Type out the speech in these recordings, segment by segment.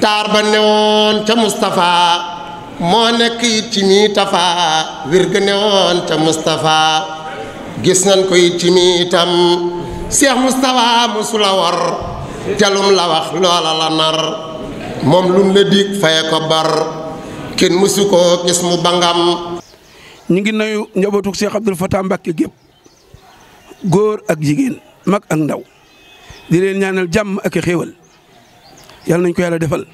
taar ba newoon ca Moustapha moo nekk it ci mii tafa wér ga newoon ca Moustapha gis nañ ko it ci mii itam Cheikh Moustapha mosula war jalum la wax loola la nar moom lum la dig faye ko bar kenn mosu koo gis mu bangam ñu ngi nuyu njabootu Cheikh Abdoul Fatah Mbacké gépp góor ak jigéen mag ak ndaw di leen ñaanal jàmm ak xéewal yàlla nañ ko yàlla defal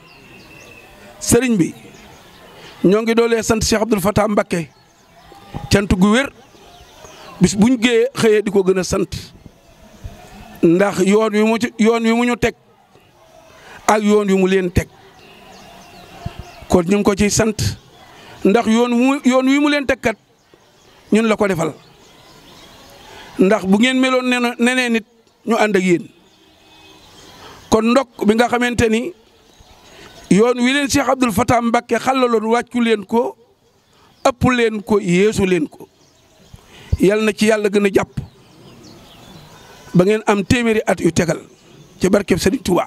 sëriñ bi ñoo ngi doolee sant Cheikh Abdoul Fatah Mbacké cant gu wér bis buñ gée xëyee di ko gën a sant ndax yoon wi mu yoon wi mu ñu teg ak yoon wi mu leen teg kon ñu ngi ko ciy sant ndax yoon wu yoon wi mu leen teg kat ñun la ko defal ndax bu ngeen meloon neneen nit ñu ànd ak yéen kon ndok bi nga xamante ni yoon wi leen Cheikh Abdoul Fatah Mbacké xàllaloon wàccu leen ko ëpp leen ko yeesu leen ko yal na ci yàlla gën a jàpp ba ngeen am téeméeri at yu tegal ci barkeb Serigne Touba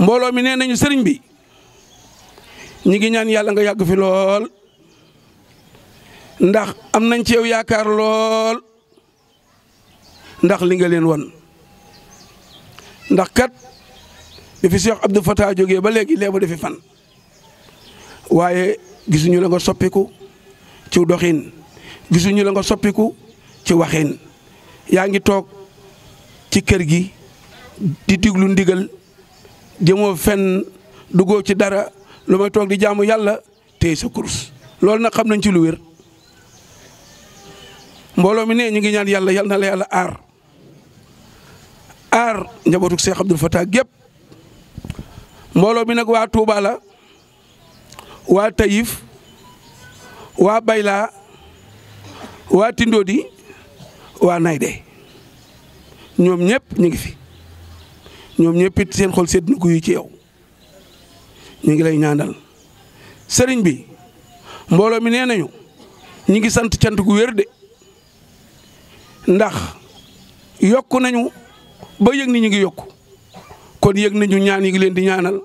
mbooloo mi nee nañu sëriñ bi ñi ngi ñaan yàlla nga yàgg fi lool ndax am nañ ci yow yaakaar lool ndax li nga leen won ndax kat bi fi Cheikh Abdou Fatah jógee ba léegi léebu defi fan waaye gisuñu la nga soppiku ci doxin gisuñu la nga soppiku ci waxin yaa ngi toog ci kër gi di diglu ndigal jëmoo fenn duggoo ci dara lu may toog di jaamu yàlla téye sa kurus loolu nag xam nañ ci lu wér mbooloo mi ne ñu ngi ñaan yàlla yal na la yàlla aar aar njabootu Cheikh Abdoul Fatah gépp mbooloo mi nag waa Touba la waa Taïf waa Bayla waa Tindodi waa Nayde ñoom ñëpp ñu ngi fi ñoom ñëpp seen xol sedd na guy ci yow ñu ngi lay ñaanal sëriñ bi mbooloo mi nee nañu ñu ngi sant cant gu wér de ndax yokku nañu. ba yëg ni ñu ngi yokku kon yëg nañu ñaan yi leen di ñaanal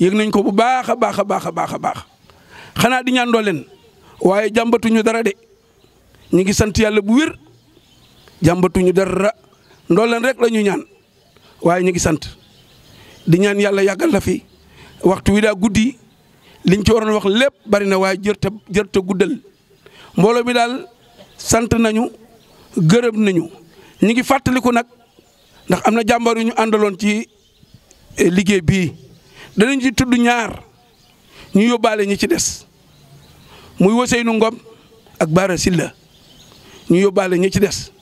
yëg nañ ko bu baax a baax a baax a baax a baax xanaa di ñaan doo leen waaye jàmbatuñu dara de ñu ngi sant yàlla bu wér jàmbatuñu dara ndooleen rek la ñaan waaye ñu ngi sant di ñaan yàlla yàggal la fi waxtu wi daa guddi liñ ci waroon wax lépp bari na waaye jërta jërta guddal mbooloo mi daal sant nañu gërëm nañu ñu ngi fàttaliku nag ndax am na jàmbaar yu ñu àndaloon ci eh, liggéey bii danañ ci tudd ñaar ñu yóbbaale ñi ci des muy Ousseynou Ngom ak Bara Sylla ñu yóbbaale ñi ci des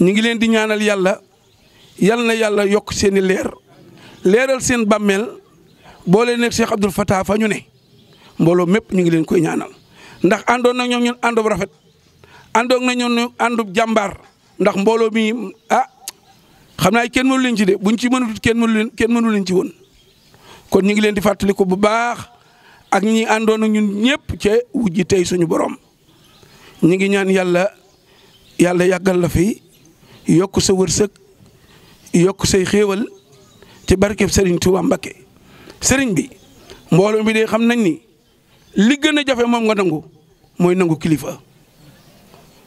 ñu ngi leen di ñaanal yàlla yal na yàlla yokk seeni leer leeral seen bàmmeel boole nekk Cheikh Abdoul Fatah fa ñu ne mbooloo mépp ñu ngi leen koy ñaanal ndax àndoon na ñoom ñun àndub rafet àndoon na ñoom àndub jàmbaar ndax mbooloo mi ah, xam naa kenn mënu leen ci de buñ ci mënul kenn mënu leen kenn mënu leen ci woon kon ñu ngi leen di fàttali ko bu baax ak ñii àndoon ak ñun ñëpp ca wujji tey suñu borom ñu ngi ñaan yàlla yàlla yàggal la fi yokk sa wërsëg yokk say xéewal ci barkeb Serigne Touba Mbakke Serigne bi mbooloo bi de xam nañ ni li gën a jafe moom nga nangu mooy nangu kilifa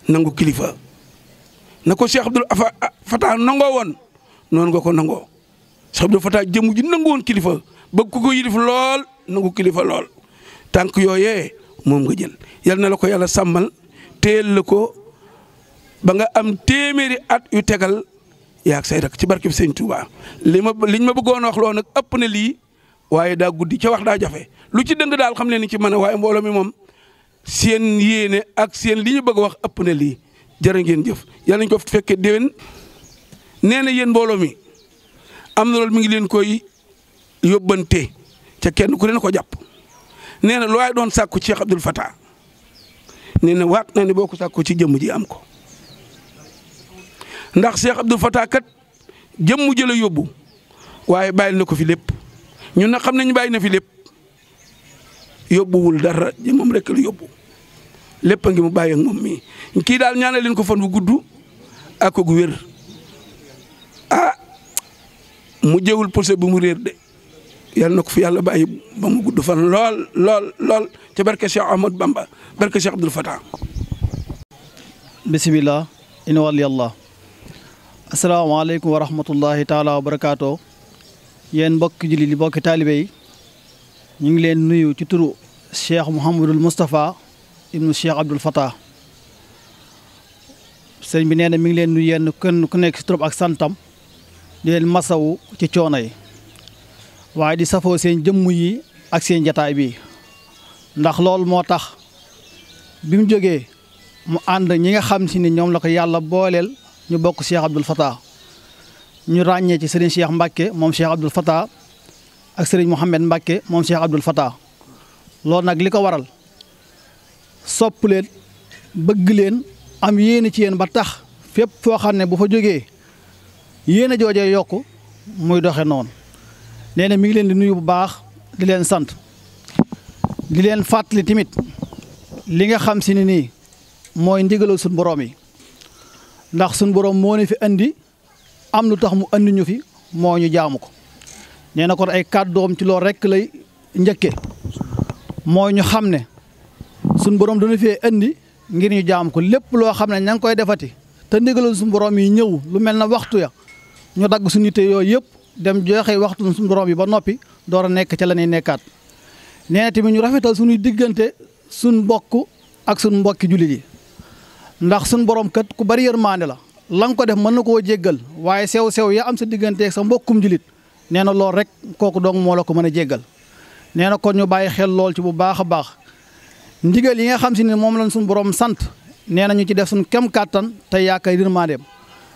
nangu kilifa. na ko Cheikh Abdoul ah, Fatah nangoo woon noonu nga ko nangoo Cheikh Abdoul Fatah jëmm ji nangu woon kilifa bëgg ku ko yilif lool nangu kilifa lool tànk yooyee moom nga jël yal na la ko yàlla sàmmal téel la ko ba nga am téeméeri at yu tegal yaag say rak ci barkeb Sëñ Touba li ma liñ ma bëggoon wax loo nag ëpp na lii waaye daa guddi ca wax daa jafe lu ci dëng daal xam ne ni ci mën a waaye mbooloo mi moom seen yéene ak seen li ñu bëgg wax ëpp na lii jërë ngeen jëf yal nañu ko fekkee déwén nee na yéen mbooloo mi am na lool mi ngi leen koy yóbbante ca kenn ku leen ko jàpp nee na lu doon sàkku Cheikh Abdoul Fattah nee na waat na ne boo ko sàkku ci jëmm ji am ko ndax Cheikh Abdoul Fattah kat jëmm ji yóbbu waaye bàyyil na ko fi lépp ñun nag xam nañu bàyyi na fi lépp yóbbuwul dara jëmmam rek la yóbbu. lépp a ngi mu bàyyi ak moom mii kii daal ñaanal leen ko fan bu gudd ak ko gu wér ah mu jëwul posé bu mu réer de yàlla na ko fi yàlla bàyyi ba mu gudd fan lool lool lool ca barke Cheikh Ahmad Bamba barke Cheikh Abdoul Fatah bisimilah in wàlli yàlla asalaamaaleykum wa rahmatullahi wa barakaatoo yéen mbokki julli li mbokki taalibe ñu ngi leen nuyu ci turu Cheikh Mouhamadul mustafa ibnu Cheikh Abdoul Fatah sëñ bi nee na mi ngi leen nuyu yenn kenn ku nekk si trop ak santam di leen masawu ci coono yi waaye di safoo seen jëmm yi ak seen jataay bi ndax loolu moo tax bi mu jógee mu ànd ñi nga xam si ni ñoom la ko yàlla booleel ñu bokk Cheikh Abdoul Fatah ñu ràññee ci sëriñ Cheikh Mbacke moom Cheikh Abdoul Fatah ak sëriñ Mouhamed Mbacke moom Cheikh Abdoul Fatah loolu nag li ko waral sopp leen bëgg leen am yéene ci yéen ba tax fépp foo xam ne bu fa jógee yéen a joojee yokk muy doxe noonu nee na mi ngi leen di nuyu bu baax di leen sant di leen fàttali tamit li nga xam si ne nii mooy ndigalal suñ boroom yi ndax suñ boroom moo ne fi indi am lu tax mu andi ñu fi moo ñu jaamu ko nee na kon ay doom ci loolu rekk lay njëkke moo ñu xam ne suñ borom dana fee indi ngir ñu jaam ko lépp loo xam ne ña ngi koy defati te ndigalul suñu borom yi ñëw lu mel na waxtu ya ñu dagg suñu yitte yooyu yëpp dem joxe waxtu suñu borom yi ba noppi door a nekk ca la ñuy nekkaat nee na tamit ñu rafetal suñuy diggante suñ mbokk ak suñ mbokki jullit yi ndax suñ borom kat ku bari yërmaande la la nga ko def mën na koo jéggal waaye sew-sew ya am sa digganteeg sa mbokkum jullit nee na lool rek kooku dong moo la ko mën a jéggal nee na kon ñu bàyyi xel lool ci bu baax a baax ndigal yi nga xam si ne moom lañ suñu borom sant nee ñu ci def suñu kem kàttan te yaakaar yërmaa dem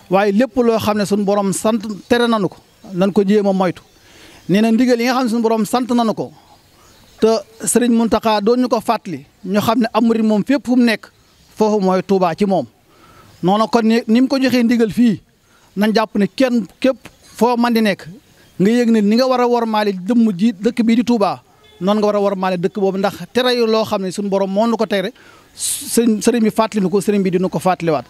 waaye lépp loo xam ne suñu borom sant tere nañu ko nañ ko jéem a moytu nee na ndigal yi nga xam ne suñu borom sant nañu ko te sëriñ Muntaxa doon ñu ko fàttali ñu xam ne amuri moom fépp fu mu nekk foo mooy Tuubaa ci moom noonu kon ni mu ko joxee ndigal fii nan jàpp ne kenn képp foo man di nekk nga yëg ne ni nga war a wormaale dëmm ji dëkk bii di Tuubaa noonu nga war a war maale dëkk boobu ndax tere yu loo xam ne suñu borom moo nu ko tere sëriñ sëriñ bi fàttali nu ko sëriñ bi dina ko fàttaliwaat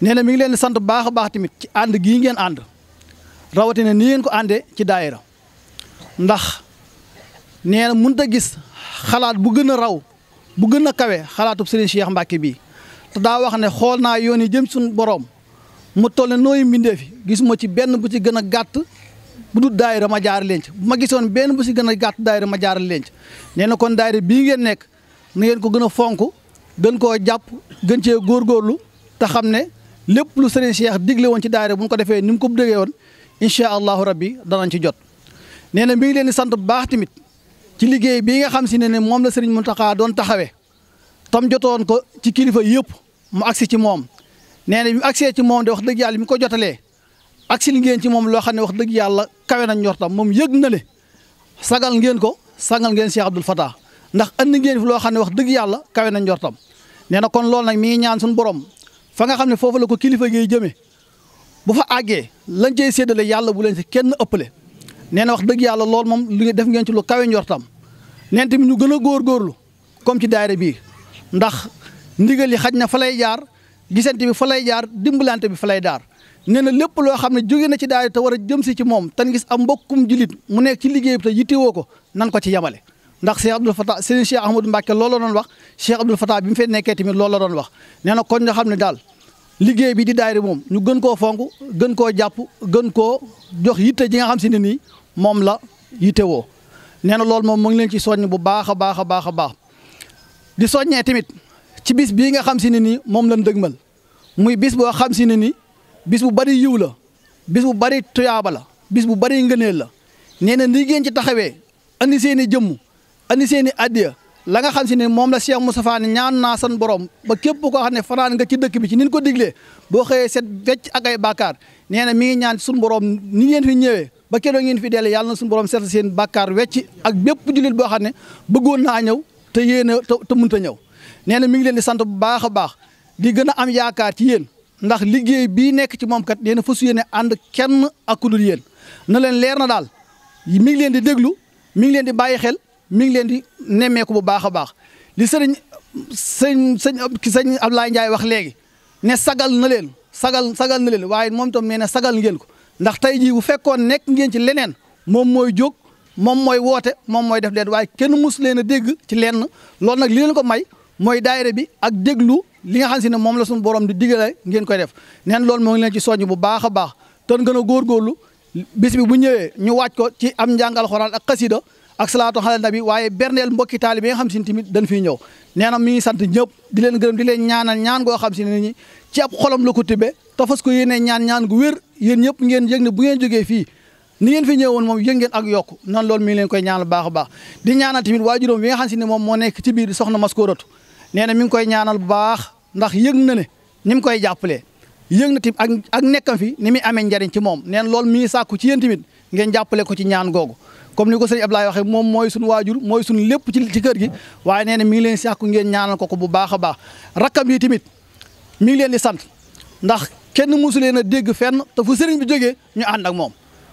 nee na mi ngi leen sant baax baax tamit ci ànd gii ngeen ànd rawatina ni ngeen ko àndee ci daayira ndax nee na mënut gis xalaat bu gën a raw bu gën a kawe xalaatu sëriñ Cheikh Mbacke bii te daa wax ne xool naa yoon yi jëm suñu boroom mu toll ne nooyu mbindee fi gisuma ci benn bu ci gën a gàtt bu dul daayira ma jaar leen ci ma gisoon benn bu si gën a gàtt daayira ma jaar leen ci nee na kon daayira bii ngeen nekk na ngeen ko gën a fonk gën ko jàpp gën cee góor góorlu te xam ne lépp lu sëriñ Cheikh digle woon ci daayira bu ñu ko defee ni mu ko déggee woon incha allahu rabbi danañ ci jot. nee na mi ngi leen sant bu baax tamit ci liggéey bii nga xam si ne ne moom la sëriñ Mountakha doon taxawee tam jotoon ko ci kilifa yëpp mu agsi ci moom nee na bi mu ci moom de wax dëgg yàlla mi ko jotalee. ak si li ngeen ci moom loo xam ne wax dëgg yàlla kawe na njortam moom yëg na ne sagal ngeen ko sagal ngeen Cheikh Abdoul Fatah ndax andi ngeen fi loo xam ne wax dëgg yàlla kawe nañ njortam nee na kon loolu nag mi ngi ñaan suñu borom fa nga xam ne foofu la ko kilifa gi jëmee bu fa àggee lañ cey séddale yàlla bu leen si kenn ëppale nee na wax dëgg yàlla loolu moom lu def ngeen ci lu kawe njortam neen tamit ñu gën a góor góorlu comme ci daayira bii ndax ndigal yi xaj na fa lay jaar gisante bi fa lay jaar dimbalante bi fa lay daar nee na lépp loo xam ne jóge na ci daara te war a jëm si ci moom tan gis am mbokkum julit mu nekk ci liggéey bi te yittewoo ko nan ko ci yemale ndax Cheikh Abdoul Fatah sëriñ Cheikh Ahmadou Mbacke loolu la doon wax Cheikh Abdoul Fatah bi mu fee nekkee tamit loolu la doon wax nee na kon nga xam ne daal liggéey bi di daayira moom ñu gën koo fonk gën koo jàpp gën koo jox yitte ji nga xam si ne nii moom la yittewoo neen na loolu moom mu ngi leen ci soññ bu baax a baax a baax a baax di soññee tamit ci bis bii nga xam si ne nii moom lañ dëgmal muy bis boo xam si ne nii bis bu bari yiw la bis bu bari tuyaaba la bis bu bari ngëneel la nee na ni ci taxawee andi seen i jëmm andi seen i addiya la nga xam si ne moom la Cheikh Moustapha ne ñaan naa san borom ba képp ko xam ne fanaan nga ci dëkk bi ci nin ko diglee boo xëyee set wecc ak ay bàkkaar nee na mi ngi ñaan sun borom ni ngeen fi ñëwee ba keroog ngeen fi dellee yàlla na suñu borom set seen bàkkaar wecc ak bépp jullit boo xam ne bëggoon naa ñëw te yéen a te mënut a ñëw nee na mi ngi leen di sant bu baax a baax di gën a am yaakaar ci yéen ndax liggéey bii nekk ci moom kat yéen a fas yéene ànd kenn ak ku yéen na leen leer na daal mi ngi leen di déglu mi ngi leen di bàyyi xel mi ngi leen di nemmeeku bu baax a baax li sëriñ sëñ sëñ sëñ Abdoulaye Ndiaye wax léegi ne sagal na leen sagal sagal na leen waaye moom tam nee na sagal ngeen ko ndax tey jii bu fekkoon nekk ngeen ci leneen moom mooy jóg moom mooy woote moom mooy def leen waaye kenn mus leen a dégg ci lenn loolu nag li leen ko may mooy daayira bi ak déglu li nga xam si ne moom la suñu borom di digale ngeen koy def neen lool moo ngi leen ci soññ bu baax a baax ton gën a góorgóorlu bis bi bu ñëwee ñu wàaj ko ci am njàng alxuraan ak xasida ak salaatu xalal nabi waaye berndeel mbokki taali yi nga xam si ne tamit dañ fiy ñëw nee na mi ngi sant ñëpp di leen gërëm di leen ñaanal ñaan goo xam si ne ni ci ab xolam la ko tibbee tafas ñaan ñaan gu wér yéen ñëpp ngeen yëg bu ngeen jógee fii ni ngeen fi ñëwoon moom yëg ngeen ak yokk noonu loolu mi leen koy ñaanal baax a baax di ñaanal tamit waajuróom bi nga xam si ne moom moo nekk ci biir soxna Maskóoratu nee na mi ngi koy ñaanal bu baax ndax yëg na ne ni mu koy jàppalee yëg na tamit ak ak nekkam fi ni muy amee njariñ ci moom nee na loolu mi ngi sàkku ci yéen tamit ngeen jàppale ko ci ñaan googu comme ni ko sëñ Ablaye waxee moom mooy suñu waajur mooy suñu lépp ci ci kër gi waaye nee na mi ngi leen sàkku ngeen ñaanal ko ko bu baax a baax rakkam yi tamit mi ngi leen di sant ndax kenn mosu leen a dégg fenn te fu sëriñ bi jógee ñu ànd ak moom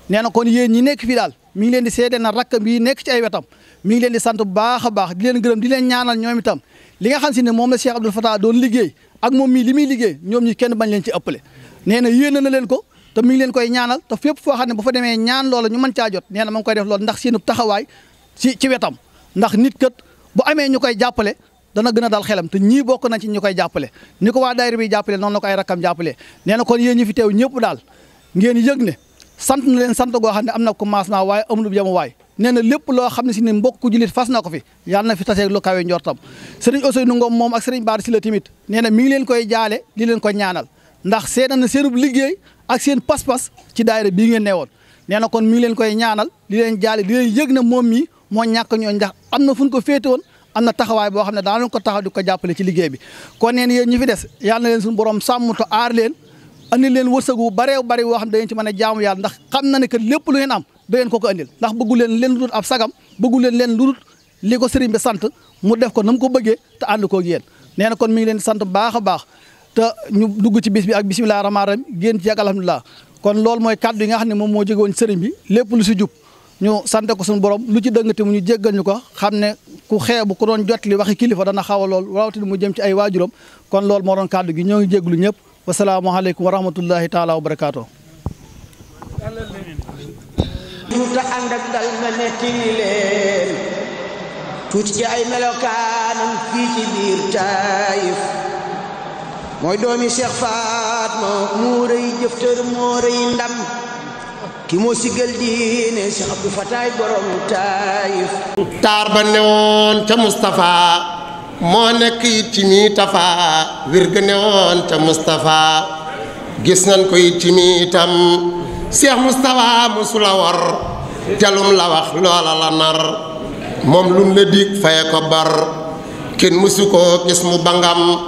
nee na kon yéen ñi nekk fii daal mi ngi leen di seede na rakkam yi nekk ci ay wetam mi ngi leen di sant bu a baax di gërëm di leen ñaanal ñoom itam li nga xam si ne moom la Cheikh Abdoul Fatah doon liggéey ak moom mii li muy liggéey ñoom ñi kenn bañ leen ci ëppale nee na yéene na leen ko te mi ngi leen koy ñaanal te fépp foo xam ne bu fa demee ñaan loola ñu mën caa jot nee na ma koy def loolu ndax seenub taxawaay ci ci wetam ndax nit kat bu amee ñu koy jàppale dana gën a dal xelam te ñii bokk nañ ci ñu koy jàppale ni ko waa daayira bi jàppale noonu la ko ay rakkam jàppale nee na kon yéen ñi fi teew ñëpp daal ngeen yëg ne sant na leen sant goo xam ne am na commencement waaye amul yamu nee na lépp loo xam ne si ne mbokku jullit fas na ko fi yàlla na fi taseeg lu kawe njortam sëriñ Ousseynou Ngom moom ak sëriñ Bara Sylla tamit nee na mi ngi leen koy jaale di ko ñaanal ndax seen na seenub liggéey ak seen pas-pas ci daayira bii ngeen neewoon nee na kon mi ngi leen koy ñaanal di leen jaale di leen yëg moom mi moo ñàkk ñoo ndax am na fu ko féete woon am na taxawaay boo xam ne daanañ ko taxaw di ko jàppale ci liggéey bi kon neen yéen ñi fi des yàlla na borom sàmm te aar leen andi leen wërsëgu baree bari woo xam ne dañu ci mën a jaamu ndax xam na ne que lépp lu ngeen da ko ko andil ndax bëggu leen leen lu sagam bëggu leen leen li ko sëriñ bi sant mu def ko na ko bëggee te ànd koog yéen nee na kon mi ngi leen sant baax a baax te ñu dugg ci bis bi ak bisimilah rahmaani rahiim génn ci ak alhamdulilah kon loolu mooy kàddu yi nga xam ne moom moo jóge woon bi lépp lu si jub ñu sant ko suñu borom lu ci dëngati mu ñu jéggal ñu ko xam ne ku xeebu ku doon jot li waxi kilifa dana xaw a lool rawatina mu jëm ci ay waajuram kon moo doon kàddu gi ñoo ngi jéglu ñëpp wa rahmatullahi taala wa barakaatu munta ànd ak dal ma tuuti ci ay melokaanam fii ci biir taayif mooy doomi Cheikh Fatma moo rëy jëftër moo ndam ki moo siggal diine Cheikh Abdou Fataay borom taayif taar ba newoon ca Moustapha moo nekk it ci mi tafa wir ga newoon ca mustafa gis nañ ko it ci mi Cheikh Moustapha musula war telum la wax loola la nar moom lun la dig faye ko bar kenn mësu ko gis mu bangam